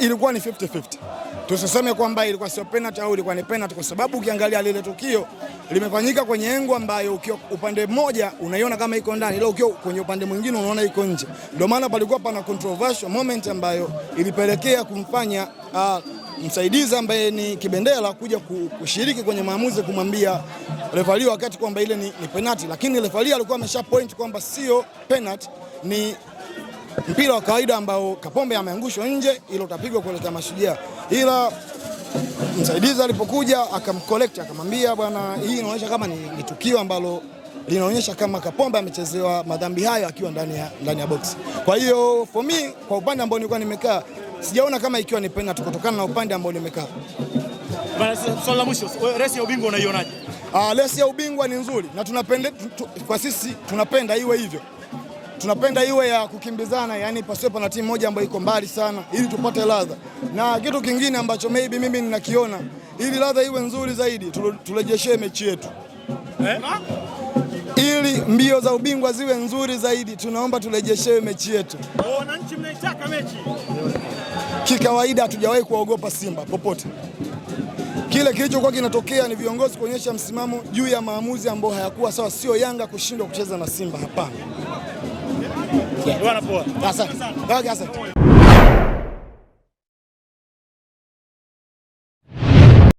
ilikuwa ni 50-50. Tusiseme kwamba ilikuwa sio penalty au ilikuwa ni penalty, kwa sababu ukiangalia lile tukio limefanyika kwenye engo ambayo ukiwa upande mmoja unaiona kama iko ndani, ila ukiwa kwenye upande mwingine unaona iko nje. Ndio maana palikuwa pana controversial moment ambayo ilipelekea kumfanya uh, msaidizi ambaye ni Kibendera kuja kushiriki kwenye maamuzi kumwambia refali wakati kwamba ile ni, ni penalty, lakini refali alikuwa amesha point kwamba sio penalty ni mpira wa kawaida ambao Kapombe ameangushwa nje, ilo utapigwa kuelekea Mashujaa, ila msaidizi alipokuja akamcollect akamwambia, bwana, hii inaonyesha kama ni, ni tukio ambalo linaonyesha kama Kapombe amechezewa madhambi hayo akiwa ndani ya, ndani ya box. Kwa hiyo for me, kwa upande ambao nilikuwa nimekaa sijaona kama ikiwa ni penalty kutokana na upande ambao nimekaa. Swali la mwisho, resi ya ubingwa unaionaje? Ah, resi ya ubingwa ni nzuri na tunapenda tu, kwa sisi tunapenda iwe hivyo tunapenda iwe ya kukimbizana, yani pasiwepo na timu moja ambayo iko mbali sana, ili tupate ladha. Na kitu kingine ambacho maybe mimi ninakiona, ili ladha iwe nzuri zaidi, turejeshe mechi yetu eh? ili mbio za ubingwa ziwe nzuri zaidi, tunaomba turejeshewe mechi yetu. Wananchi mnaitaka mechi kikawaida. Hatujawahi kuwaogopa Simba popote kile kilichokuwa kinatokea ni viongozi kuonyesha msimamo juu ya maamuzi ambayo hayakuwa sawa. Sio Yanga kushindwa kucheza na Simba, hapana. Bwana poa. Asante. Asante.